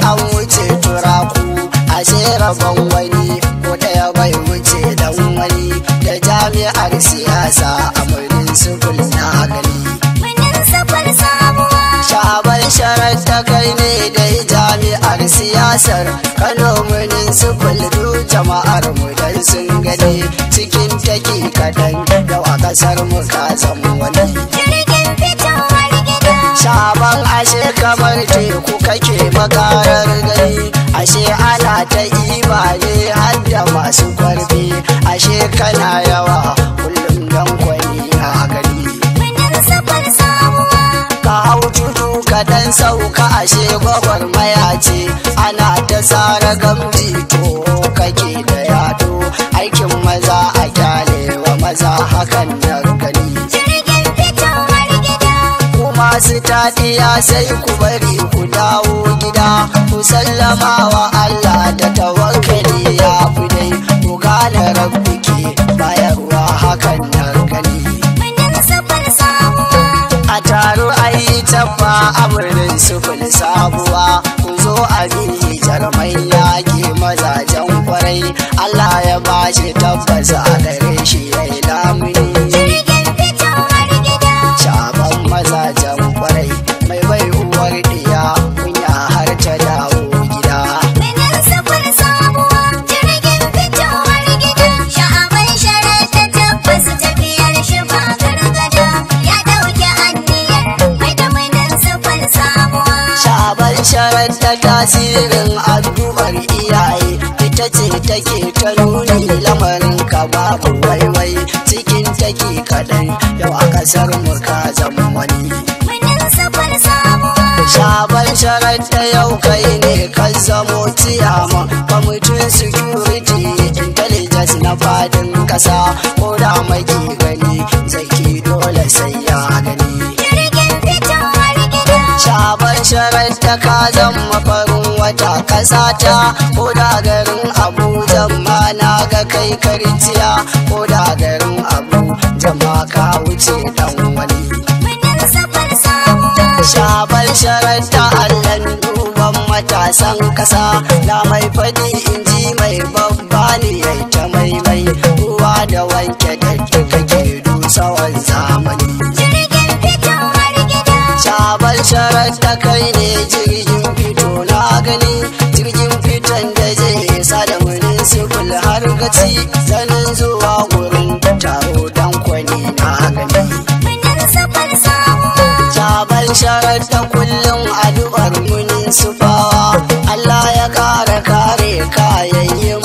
an wuce turaku a rabon wani ko ɗaya bai wuce dan wani da jami'ar siyasa a birnin sukul na gani. Shabar sharar ta kai ne dai jami'ar siyasar Kano birnin sukul du jama'ar mu dan sun gani cikin taki kadan yau a ƙasar mu ka zama wani. Jirgin fitowar gida. Shabar ashe kamar teku kake magarar gani ashe ana ta imani har masu kwarfi ashe kana yawa kullum dan kwani a gari ka hau tudu ka dan sauka ashe gwagwar mayace ana ta tsara gamji masu taɗiya sai ku bari ku dawo gida ku sallama wa Allah da tawakkali ya fi dai ku gane rabbi ke bayarwa hakan nan gani a taro ayi tabba a birnin sufin sabuwa ku zo a bihi jarmai yaƙi mazajen kwarai Allah ya bashi tabbas a gare shi wadda tasirin addu'ar iyaye ita ce take ta nuni lamarin ka babu waiwai cikin take kaɗai yau a ƙasar mu ka zama wani sabon sharar ta yau kai ne kan zamo ciyama kwamitin security intelligence na fadin ƙasa ko da maki gani zaki dole sai ta ka zama farin wata kasata ko da garin abuja ma na ga kai karciya ko da garin abu jama ka wuce dan wani shabal sharanta allan duban matasan kasa na mai fadi inji mai babba baban sharar da kai ne jirgin fito na gani jirgin fitan da zai sa da munin sifil har gaci sanin zuwa wurin taro dan kwani na gani baban sharar da kullum addu'ar munin sufawa Allah ya kare kare kayan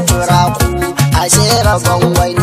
raku ashe rabon wani